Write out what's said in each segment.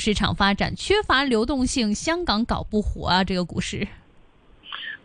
市場發展缺乏流動性，香港搞不活啊！這個股市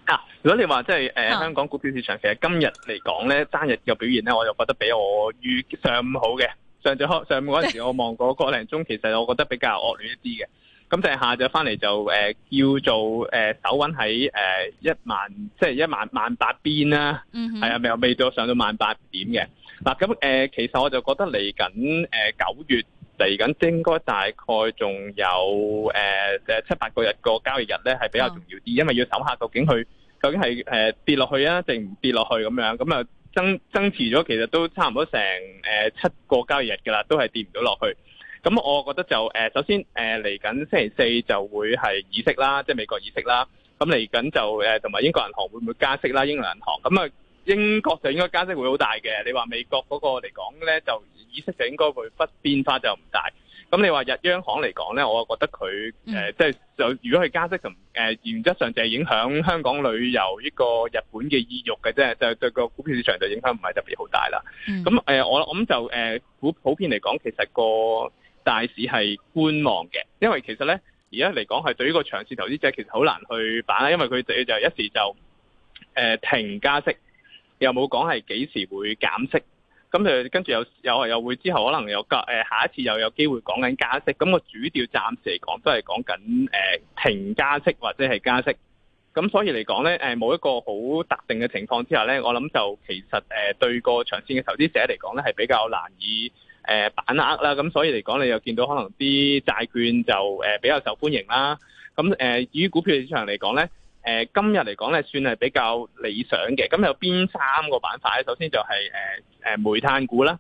啊，如果你話即係誒，呃啊、香港股票市場其實今日嚟講咧，單日嘅表現咧，我就覺得比我預上午好嘅。上早上上午嗰陣時，我望過個零鐘，對其實我覺得比較惡劣一啲嘅。咁就係下晝翻嚟就誒、呃，叫做誒，守、呃、穩喺誒、呃、一萬，即係一萬萬八邊啦、啊。嗯哼，係啊，未未到上到萬八點嘅。嗱，咁、呃、誒，其實我就覺得嚟緊誒九月。嚟緊應該大概仲有誒誒、呃、七八個日個交易日咧，係比較重要啲，嗯、因為要睇下究竟佢究竟係誒、呃、跌落去啊，定唔跌落去咁樣。咁、嗯、啊，增增持咗其實都差唔多成誒、呃、七個交易日㗎啦，都係跌唔到落去。咁、嗯、我覺得就誒、呃，首先誒嚟緊星期四就會係議息啦，即、就、係、是、美國議息啦。咁嚟緊就誒同埋英國銀行會唔會加息啦？英倫銀行咁啊。嗯英國就應該加息會好大嘅，你話美國嗰個嚟講咧，就意識就應該會忽變化就唔大。咁你話日央行嚟講咧，我就覺得佢即係就係、如果佢加息同誒、呃、原則上就係影響香港旅遊呢個日本嘅意欲嘅啫，就對個股票市場就影響唔係特別好大啦。咁誒、嗯呃、我諗就誒普、呃、普遍嚟講，其實個大市係觀望嘅，因為其實咧而家嚟講係對於個長線投資者其實好難去把握，因為佢就就一時就、呃、停加息。又冇講係幾時會減息，咁誒跟住又又又會之後可能又加誒下一次又有機會講緊加息，咁個主調暫時嚟講都係講緊誒停加息或者係加息，咁所以嚟講咧誒冇一個好特定嘅情況之下咧，我諗就其實誒對個長線嘅投資者嚟講咧係比較難以誒把握啦，咁所以嚟講你又見到可能啲債券就誒比較受歡迎啦，咁誒至於股票市場嚟講咧。今日嚟講咧，算係比較理想嘅。咁有邊三個板塊咧？首先就係誒煤炭股啦、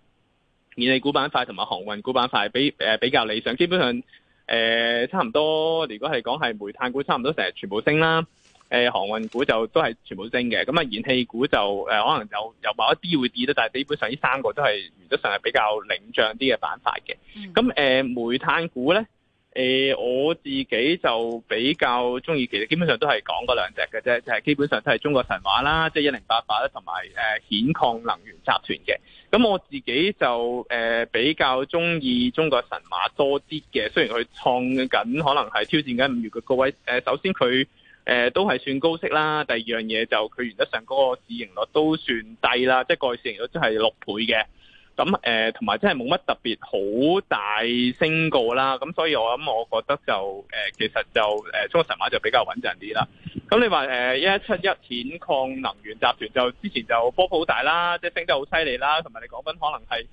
燃氣股板塊同埋航運股板塊，比誒比較理想。基本上誒、呃、差唔多，如果係講係煤炭股，差唔多成日全部升啦、呃。航運股就都係全部升嘅。咁啊，燃氣股就、呃、可能就有有某一啲會跌啦，但係基本上呢三個都係原則上係比較領漲啲嘅板塊嘅。咁誒、呃、煤炭股咧？誒、呃、我自己就比較中意，其實基本上都係講嗰兩隻嘅啫，就係、是、基本上都係中國神華啦，即係一零八八啦，同埋誒兗礦能源集團嘅。咁我自己就誒、呃、比較中意中國神華多啲嘅，雖然佢創緊可能係挑戰緊五月嘅高位。誒、呃、首先佢誒、呃、都係算高息啦，第二樣嘢就佢原則上嗰個市盈率都算低啦，即係個市盈率即係六倍嘅。咁誒，同埋、呃、真係冇乜特別好大升過啦，咁所以我諗，我覺得就誒、呃，其實就誒、呃、中國神華就比較穩陣啲啦。咁你話誒一七一兗礦能源集團就之前就波幅好大啦，即係升得好犀利啦，同埋你講緊可能係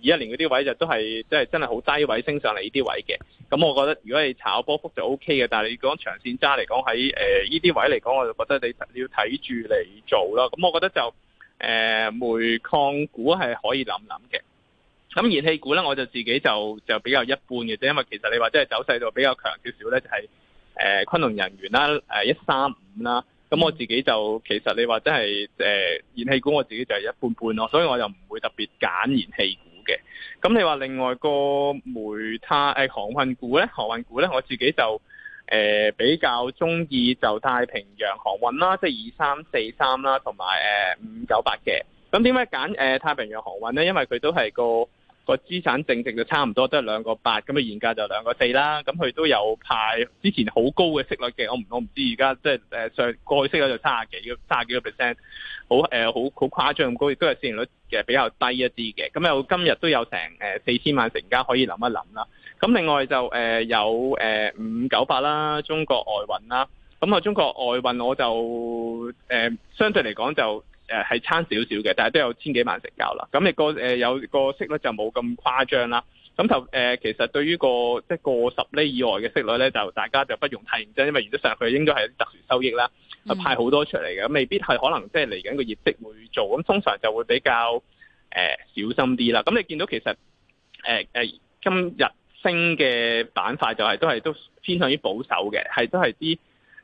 誒二一年嗰啲位就都係即係真係好低位升上嚟呢啲位嘅。咁我覺得如果你炒波幅就 O K 嘅，但你講長線揸嚟講喺呢啲位嚟講，我就覺得你要睇住嚟做囉。咁我覺得就。誒，煤礦股係可以諗諗嘅。咁燃氣股呢，我就自己就就比較一般嘅，啫因為其實你話真係走勢度比較強少少呢就係誒崑崙能源啦，誒一三五啦。咁我自己就、嗯、其實你話真係誒燃氣股，我自己就係一般般咯，所以我又唔會特別揀燃氣股嘅。咁你話另外個煤炭誒、哎、航運股呢？航運股呢，我自己就。誒、呃、比較中意就太平洋航運啦，即係二三四三啦，同埋誒五九八嘅。咁點解揀誒太平洋航運咧？因為佢都係個個資產淨值就差唔多，都係兩個八咁嘅現價就兩個四啦。咁佢都有派之前好高嘅息率嘅。我唔我唔知而家即係誒上過去息率就三十幾，三十幾個 percent。好誒，好、呃、好誇張咁高，亦都係市盈率其實比較低一啲嘅。咁有今日都有成誒四千萬成交，可以諗一諗啦。咁另外就誒、呃、有誒、呃、五九八啦，中國外運啦。咁、嗯、啊，中國外運我就誒、呃、相對嚟講就誒係、呃、差少少嘅，但係都有千幾萬成交啦。咁、那、你個誒、呃、有個息率就冇咁誇張啦。咁就誒、呃、其實對於個即係個十厘以外嘅息率咧，就大家就不用太認真，因為原則上佢應該係特殊收益啦，嗯、派好多出嚟嘅，未必係可能即係嚟緊個業績會做。咁通常就會比較誒、呃、小心啲啦。咁、嗯、你見到其實誒、呃、今日。升嘅板塊就係都係都偏向於保守嘅，係都係啲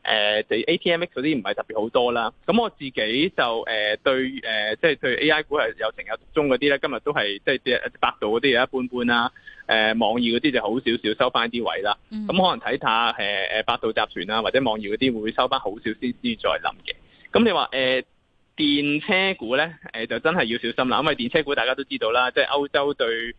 誒地 ATMX 嗰啲唔係特別好多啦。咁我自己就誒、呃、對誒，即、呃、係、就是、對 AI 股係有情有中嗰啲咧，今日都係即係百度嗰啲一般般啦，誒、呃、網易嗰啲就好少少收翻啲位啦。咁、嗯、可能睇下誒百度集團啦，或者網易嗰啲會收翻好少先先再諗嘅。咁你話誒、呃、電車股咧、呃、就真係要小心啦，因為電車股大家都知道啦，即、就、係、是、歐洲對。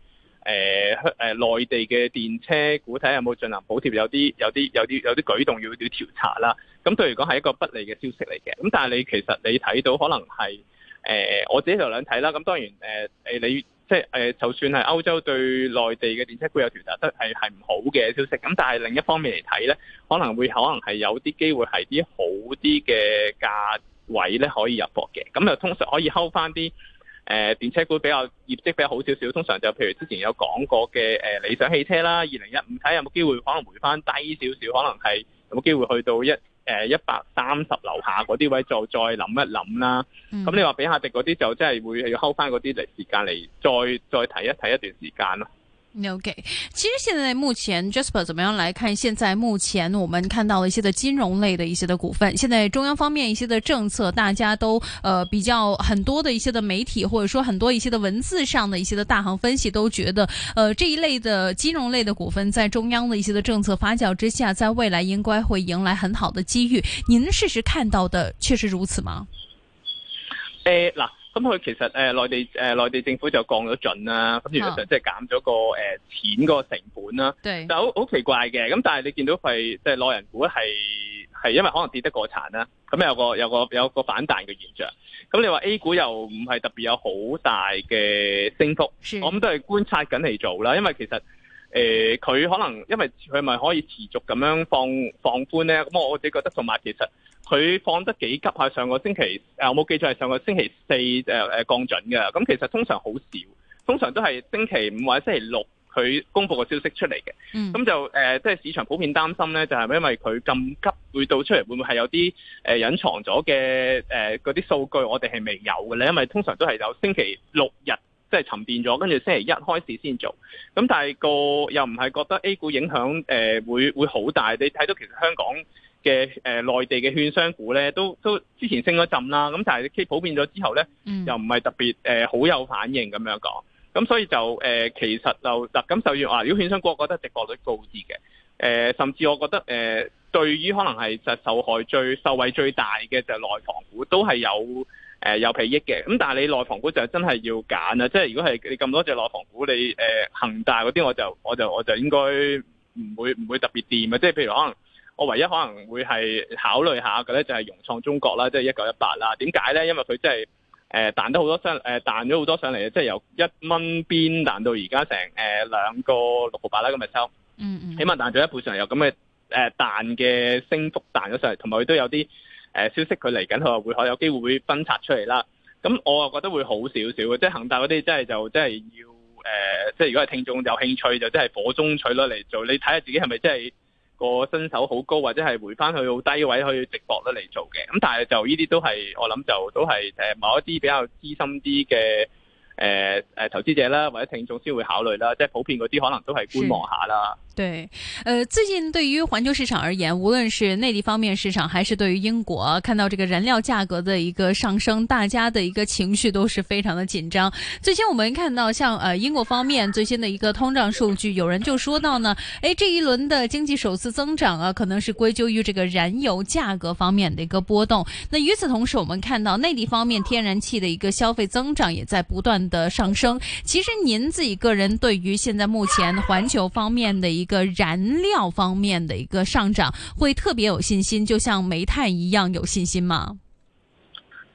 誒誒內地嘅電車股睇有冇進行補貼，有啲有啲有啲有啲舉動要調查啦。咁對嚟講係一個不利嘅消息嚟嘅。咁但係你其實你睇到可能係誒、呃、我自己就兩睇啦。咁當然誒誒、呃、你即係誒、呃，就算係歐洲對內地嘅電車股有調查都係係唔好嘅消息。咁但係另一方面嚟睇咧，可能會可能係有啲機會係啲好啲嘅價位咧，可以入貨嘅。咁又通常可以睺翻啲。誒電車股比較業績比較好少少，通常就譬如之前有講過嘅誒理想汽車啦，二零一五睇有冇機會可能回翻低少少，可能係有冇機會去到一、誒、嗯、一百三十樓下嗰啲位，就再諗一諗啦。咁你話比亞迪嗰啲就真係會要睺翻嗰啲嚟時間嚟再再睇一睇一段時間咯。OK，其實現在目前，Jasper 怎麼樣來看？現在目前我們看到了一些的金融類的一些的股份。現在中央方面一些的政策，大家都呃比較很多的一些的媒體或者說很多一些的文字上的一些的大行分析都覺得，呃這一類的金融類的股份在中央的一些的政策發酵之下，在未來應該會迎來很好的機遇。您事實看到的確實如此嗎？誒嗱，咁佢、嗯、其實誒內地誒內地政府就降咗準啦，咁原來就即係減咗個誒錢個個成本啦、啊。對，就好好奇怪嘅。咁但係你見到佢，即、就、係、是、內人股係係因為可能跌得過殘啦，咁有個有個有個反彈嘅現象。咁你話 A 股又唔係特別有好大嘅升幅，是我諗都係觀察緊嚟做啦。因為其實誒佢、呃、可能因為佢咪可以持續咁樣放放寬咧。咁我我自己覺得同埋其實。佢放得幾急下，上個星期，誒我冇記錯係上個星期四誒誒降準嘅。咁其實通常好少，通常都係星期五或者星期六佢公布個消息出嚟嘅。咁、嗯、就誒，即、呃、係市場普遍擔心咧，就係、是、咪因為佢咁急會到出嚟，會唔會係有啲誒隱藏咗嘅誒嗰啲數據，我哋係未有嘅咧？因為通常都係有星期六日即係、就是、沉澱咗，跟住星期一開始先做。咁但係個又唔係覺得 A 股影響誒、呃、會會好大？你睇到其實香港。嘅誒內地嘅券商股咧，都都之前升咗浸啦，咁但係佢普遍咗之後咧，嗯、又唔係特別誒、呃、好有反應咁樣講，咁所以就誒、呃、其實就咁就要話，如果券商股，我覺得值博率高啲嘅，誒、呃、甚至我覺得誒、呃、對於可能係就係受害最受惠最大嘅就係內房股都係有誒、呃、有裨益嘅，咁但係你內房股就真係要揀啦，即係如果係你咁多隻內房股，你誒、呃、恒大嗰啲，我就我就我就應該唔會唔會特別掂啊，即係譬如可能。我唯一可能會係考慮下嘅咧，就係融創中國啦，即係一九一八啦。點解咧？因為佢真係誒彈得好多上，誒、呃、彈咗好多上嚟即係由一蚊邊彈到而家成誒兩個六毫八啦，咁、呃、咪收。嗯嗯。起碼彈咗一半上嚟，有咁嘅誒彈嘅升幅彈咗上嚟，同埋佢都有啲誒消息，佢嚟緊佢話會可能有機會會分拆出嚟啦。咁我又覺得會好少少嘅，即係恒大嗰啲、呃，即係就即係要誒，即係如果係聽眾有興趣，就即係火中取栗嚟做。你睇下自己係咪真係？個身手好高，或者係回翻去好低位去直播咧嚟做嘅，咁但係就呢啲都係我諗就都係誒某一啲比較資深啲嘅。誒誒、呃，投資者啦或者聽眾先會考慮啦，即係普遍嗰啲可能都係觀望下啦。對，誒、呃，最近對於環球市場而言，無論是內地方面市場，還是對於英國、啊，看到這個燃料價格的一個上升，大家的一個情緒都是非常的緊張。最先我們看到像，像、呃、誒英國方面最新的一個通脹數據，有人就說到呢，誒，這一輪的經濟首次增長啊，可能是歸咎於這個燃油價格方面的一個波動。那與此同時，我們看到內地方面天然氣的一個消費增長也在不斷。的上升，其實您自己個人對於現在目前環球方面的一個燃料方面的一個上漲，會特別有信心，就像煤炭一樣有信心嗎？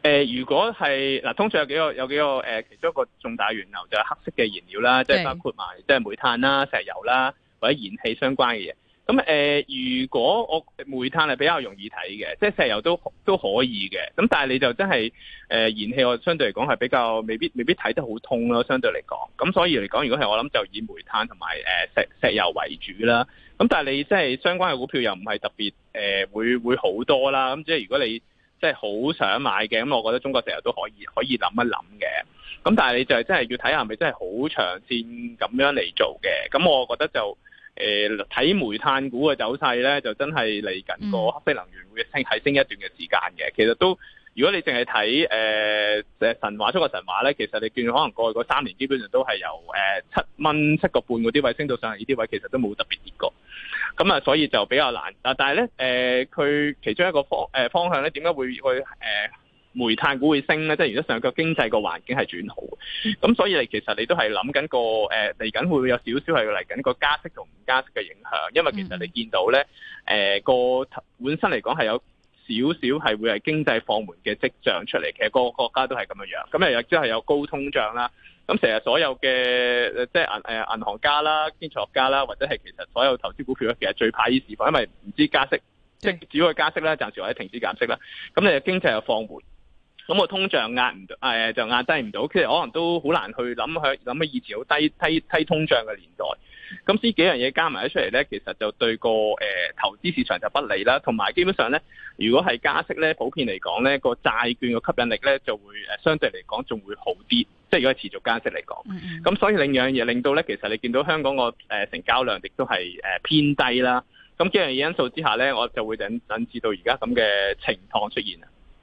誒、呃，如果係嗱，通常有幾個有幾個誒、呃，其中一個重大源頭就係黑色嘅燃料啦，對即係包括埋即係煤炭啦、石油啦或者燃氣相關嘅嘢。咁誒，如果我煤炭係比較容易睇嘅，即係石油都都可以嘅。咁但係你就真係誒，燃氣我相對嚟講係比較未必未必睇得好通咯。相對嚟講，咁所以嚟講，如果係我諗就以煤炭同埋石石油為主啦。咁但係你即係相關嘅股票又唔係特別誒，會會好多啦。咁即係如果你即係好想買嘅，咁我覺得中國石油都可以可以諗一諗嘅。咁但係你就係真係要睇下，係咪真係好長線咁樣嚟做嘅。咁我覺得就。誒，睇煤炭股嘅走勢咧，就真係嚟緊個黑色能源會升，係升一段嘅時間嘅。其實都，如果你淨係睇，誒、呃，神華出個神華咧，其實你見可能過去嗰三年基本上都係由，誒、呃，七蚊七個半嗰啲位升到上嚟呢啲位，其實都冇特別跌過。咁啊，所以就比較難。嗱，但係咧，誒，佢其中一個方，呃、方向咧，點解會去，誒、呃？煤炭股會升咧，即係如果上個經濟個環境係轉好，咁、嗯、所以你其實你都係諗緊個誒嚟緊會唔會有少少係嚟緊個加息同唔加息嘅影響，因為其實你見到咧誒、欸、個本身嚟講係有少少係會係經濟放緩嘅跡象出嚟，其實各個國家都係咁樣樣，咁誒即係有高通脹啦，咁成日所有嘅即係銀誒銀行家啦、經濟學家啦，或者係其實所有投資股票其實最怕依啲事，因為唔知加息，即係主要係加息啦，暫時或者停止減息啦，咁你經濟又放緩。咁個通脹壓唔誒、呃、就壓低唔到，其實可能都好難去諗去諗起以前好低低低通脹嘅年代。咁呢幾樣嘢加埋一出嚟咧，其實就對個誒、呃、投資市場就不利啦。同埋基本上咧，如果係加息咧，普遍嚟講咧，個債券嘅吸引力咧就會、呃、相對嚟講仲會好啲。即係如果持續加息嚟講，咁、mm hmm. 所以另樣嘢令到咧，其實你見到香港個、呃、成交量亦都係偏低啦。咁幾樣因素之下咧，我就會引引致到而家咁嘅情況出現啊。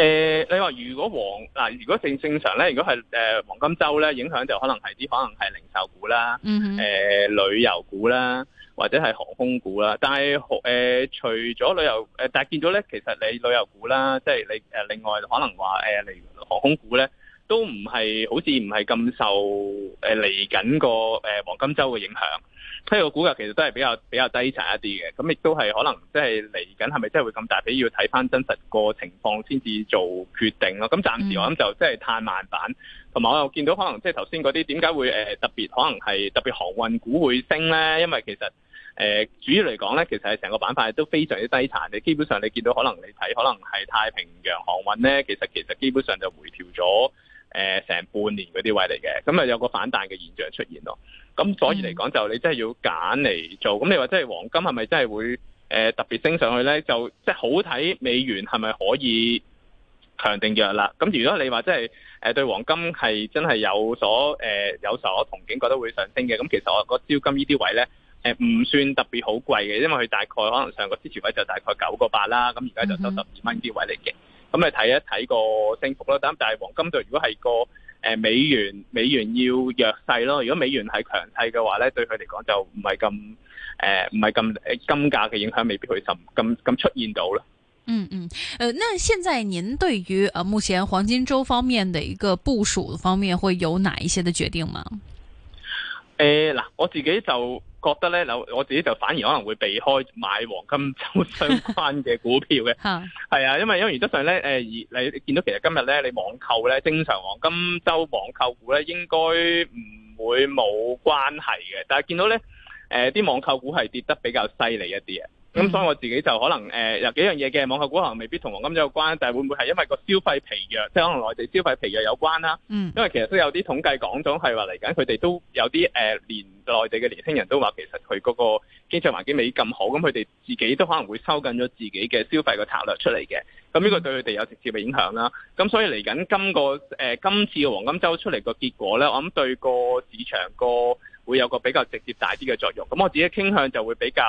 誒、呃，你話如果黃嗱、呃，如果正正常咧，如果係誒、呃、黃金週咧，影響就可能係啲可能係零售股啦、mm hmm. 呃，旅遊股啦，或者係航空股啦。但係、呃，除咗旅遊、呃、但係見到咧，其實你旅遊股啦，即、就、係、是、你、呃、另外可能話你、呃、航空股咧，都唔係好似唔係咁受誒嚟緊個誒、呃、黃金週嘅影響。即係個估價其實都係比較比較低殘一啲嘅，咁亦都係可能即係嚟緊係咪真係會咁大？你要睇翻真實個情況先至做決定咯。咁暫時我諗就即係嘆慢板，同埋、嗯、我又見到可能即係頭先嗰啲點解會誒、呃、特別可能係特別航運股會升咧？因為其實誒、呃、主要嚟講咧，其實係成個板塊都非常之低殘，你基本上你見到可能你睇可能係太平洋航運咧，其實其實基本上就回調咗。誒成、呃、半年嗰啲位嚟嘅，咁啊有個反彈嘅現象出現咯。咁所以嚟講，就你真係要揀嚟做，咁、嗯、你話即係黃金係咪真係會誒、呃、特別升上去咧？就即係、就是、好睇美元係咪可以強定弱啦？咁如果你話即係誒對黃金係真係有所誒、呃、有所憧憬，覺得會上升嘅，咁其實我個招金這些置呢啲位咧，誒、呃、唔算特別好貴嘅，因為佢大概可能上個支持位就大概九個八啦，咁而家就收十二蚊啲位嚟嘅。嗯咁你睇一睇個升幅啦，咁但係黃金就如果係個誒美元，美元要弱勢咯，如果美元係強勢嘅話咧，對佢嚟講就唔係咁誒，唔係咁金價嘅影響未必會咁咁咁出現到啦。嗯嗯，誒，那現在您對於誒目前黃金周方面嘅一個部署方面會有哪一些嘅決定嗎？誒，嗱，我自己就。覺得咧，嗱我自己就反而可能會避開買黃金周相關嘅股票嘅，係啊， 因為因為原則上咧，誒、呃、而你見到其實今日咧，你網購咧，正常黃金周網購股咧應該唔會冇關係嘅，但係見到咧，誒、呃、啲網購股係跌得比較犀利一啲啊。咁、嗯、所以我自己就可能誒、呃、有幾樣嘢嘅網購股行未必同黃金周有關，但係會唔會係因為個消費疲弱，即係可能內地消費疲弱有關啦？嗯、因為其實有都有啲統計講咗係話嚟緊佢哋都有啲誒連內地嘅年輕人都話，其實佢嗰個經濟環境未咁好，咁佢哋自己都可能會收緊咗自己嘅消費嘅策略出嚟嘅。咁呢個對佢哋有直接嘅影響啦。咁所以嚟緊今個誒、呃、今次嘅黃金周出嚟個結果咧，我諗對個市場個會有個比較直接大啲嘅作用。咁我自己傾向就會比較。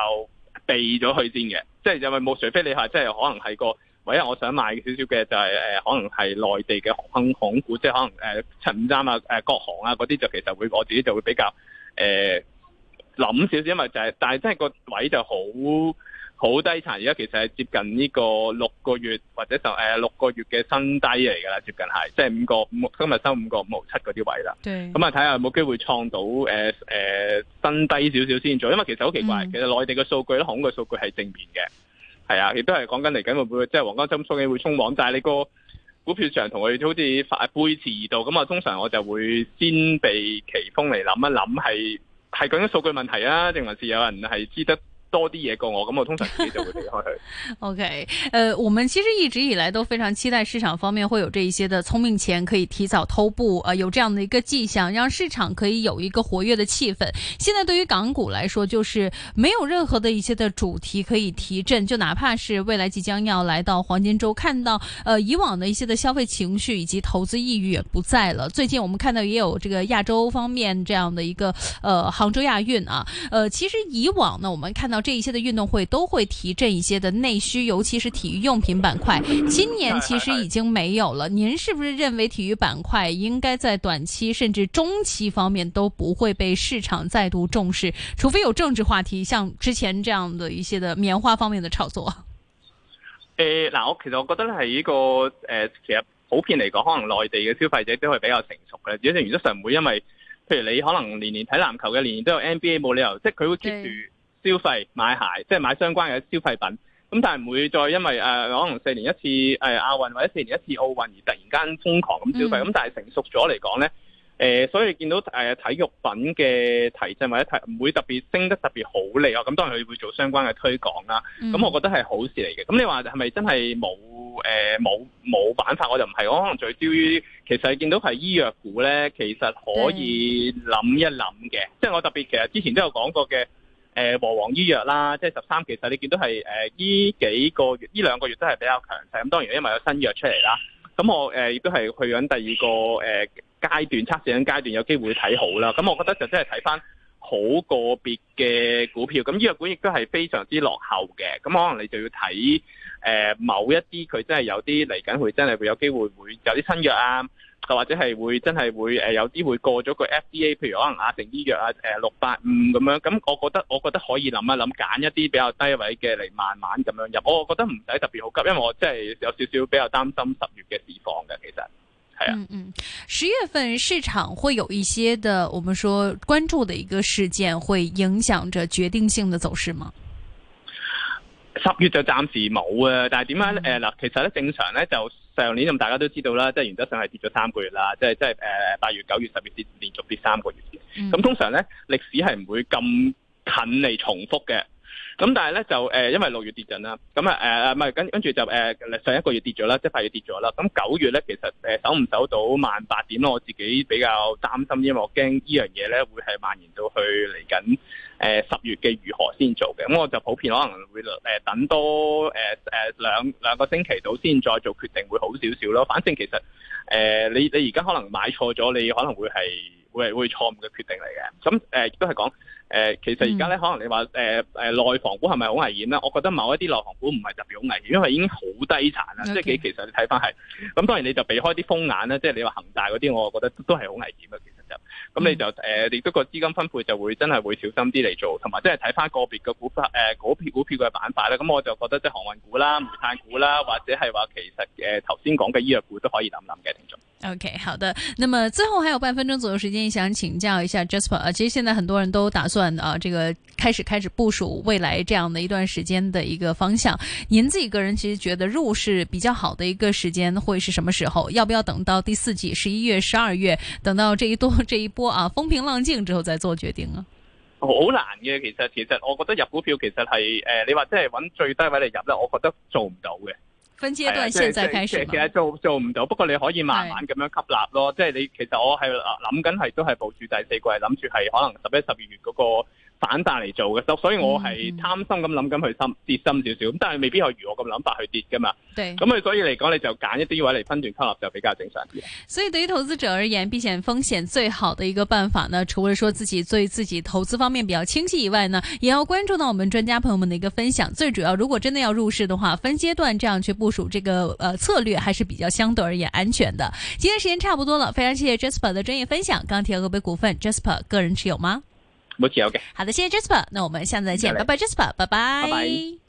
避咗佢先嘅，即係因為冇，除非你係即係可能係個位，唯一我想買少少嘅就係、是呃、可能係內地嘅空行，行股，即係可能誒、呃、七五三、呃、各行啊、誒國航啊嗰啲，就其實會我自己就會比較誒諗少少，因為就係、是、但係真係個位就好，好低殘，而家其實係接近呢個六個月或者就誒六個月嘅新低嚟㗎啦，接近係即係五個五，今日收五個五毫七嗰啲位啦。咁啊對，睇下有冇機會創到誒誒、呃呃、新低少少先做，因為其實好奇怪，嗯、其實內地嘅數據咧，恐嘅數據係正面嘅，係啊，亦都係講緊嚟緊會唔會即係黃金針衝嘅會衝往，但係你個股票場同佢好似反背馳而道，咁啊，通常我就會先被奇峰嚟諗一諗，係係究竟數據問題啊，定還是有人係知得？多啲嘢過我，咁我通常自己就會避開佢。 OK，呃，我們其實一直以來都非常期待市場方面會有這一些的聰明錢可以提早偷步，呃，有這樣的一個跡象，讓市場可以有一個活躍的氣氛。現在對於港股來說，就是沒有任何的一些的主題可以提振，就哪怕是未來即將要來到黃金周，看到呃以往的一些的消費情緒以及投資意欲也不在了。最近我們看到也有這個亞洲方面這樣的一個呃杭州亞運啊，呃，其實以往呢，我們看到。這一些的運動會都會提振這一些的內需，尤其是體育用品板塊。今年其實已經沒有了。您是不是認為體育板塊應該在短期甚至中期方面都不會被市場再度重視，除非有政治話題，像之前這樣的一些的棉花方面的炒作？誒，嗱，我其實我覺得咧，係呢個誒，其實普遍嚟講，可能內地嘅消費者都係比較成熟嘅，而且原則上唔會因為，譬如你可能年年睇籃球嘅，年年都有 NBA，冇理由，即係佢會 keep 住、呃。消費買鞋，即係買相關嘅消費品，咁但係唔會再因為誒、呃、可能四年一次誒亞運或者四年一次奧運而突然間瘋狂咁消費，咁、嗯、但係成熟咗嚟講呢，誒、呃，所以見到誒體育品嘅提振或者提、唔會特別升得特別好利哦，咁、啊、當然佢會做相關嘅推廣啦，咁、嗯、我覺得係好事嚟嘅。咁你話係咪真係冇誒冇冇辦法？我就唔係，我可能聚焦於其實見到係醫藥股呢，其實可以諗一諗嘅，嗯、即係我特別其實之前都有講過嘅。誒和黃，黃醫藥啦，即係十三，其實你見到係誒依幾個月、呢兩個月都係比較強勢。咁當然因為有新藥出嚟啦。咁我誒亦都係去緊第二個誒階段測試緊階段，階段有機會睇好啦。咁我覺得就真係睇翻好個別嘅股票。咁醫藥股亦都係非常之落後嘅。咁可能你就要睇誒某一啲佢真係有啲嚟緊，佢真係會有機會會有啲新藥啊。又或者係會真係會誒、呃、有啲會過咗個 FDA，譬如可能阿成醫藥啊，誒六百五咁樣。咁我覺得我覺得可以諗一諗，揀一啲比較低位嘅嚟，慢慢咁樣入。我又覺得唔使特別好急，因為我真係有少少比較擔心十月嘅市況嘅。其實係啊。嗯嗯，十月份市場會有一些嘅，我們說關注的一個事件，會影響着決定性的走勢嗎？十月就暫時冇啊，但係點解咧？誒嗱、嗯，其實咧正常咧就。上年咁大家都知道啦，即係原則上係跌咗三個月啦，即係即係誒八月、九月、十月跌連續跌三個月嘅。咁、嗯、通常咧歷史係唔會咁近嚟重複嘅。咁但係咧就誒，因為六月跌盡啦，咁啊誒唔係跟跟住就誒上一個月跌咗啦，即係八月跌咗啦。咁九月咧其實誒守唔守到萬八點咧？我自己比較擔心，因為我驚呢樣嘢咧會係蔓延到去嚟緊。誒十，呃、月嘅如何先做嘅，咁我就普遍可能會等多誒誒兩兩個星期到先再做決定會好少少咯。反正其實誒、呃、你你而家可能買錯咗，你可能會係會係會錯誤嘅決定嚟嘅。咁誒亦都係講誒，其實而家咧可能你話誒誒內房股係咪好危險咧？我覺得某一啲內房股唔係特別好危險，因為已經好低殘啦。Okay. 即幾其實你睇翻係，咁當然你就避開啲風眼啦。即係你話恒大嗰啲，我覺得都係好危險嘅。其實。咁、嗯、你就誒，亦都個資金分配就會真係會小心啲嚟做，同埋即係睇翻個別嘅股票誒、呃，股票股票嘅板塊。咁我就覺得即係航運股啦、煤炭股啦，或者係話其實誒頭先講嘅醫藥股都可以諗諗嘅。聽眾，OK，好的。那麼最後還有半分鐘左右時間，想請教一下 Jasper 啊。其實現在很多人都打算啊，這個開始開始部署未來這樣的一段時間的一個方向。您自己個人其實覺得入市比較好的一個時間，會是什麼時候？要不要等到第四季？十一月、十二月，等到這一段這一波啊，風平浪靜之後再做決定啊，好難嘅。其實其實我覺得入股票其實係誒、呃，你話即係揾最低位嚟入咧，我覺得做唔到嘅。分階段，現在開始。其實做做唔到，不過你可以慢慢咁樣吸納咯。即係你其實我係諗緊係都係部署第四季，諗住係可能十一、十二月嗰個。反彈嚟做嘅，所所以我係貪心咁諗，咁去深跌深少少，咁、嗯、但係未必係如我咁諗法去跌噶嘛。對，咁佢所以嚟講你就揀一啲位嚟分段吸納就比較正常啲。所以對於投資者而言，避險風險最好的一個辦法呢，除了說自己對自己投資方面比較清晰以外呢，也要關注到我們專家朋友們的一個分享。最主要，如果真的要入市的話，分階段這樣去部署這個，呃，策略還是比較相對而言安全的。今天時間差不多了，非常謝謝 Jasper 的專業分享。鋼鐵河北股份，Jasper 個人持有嗎？OK，好的，謝謝 Jasper，那我們下次再見，拜拜，Jasper，拜拜。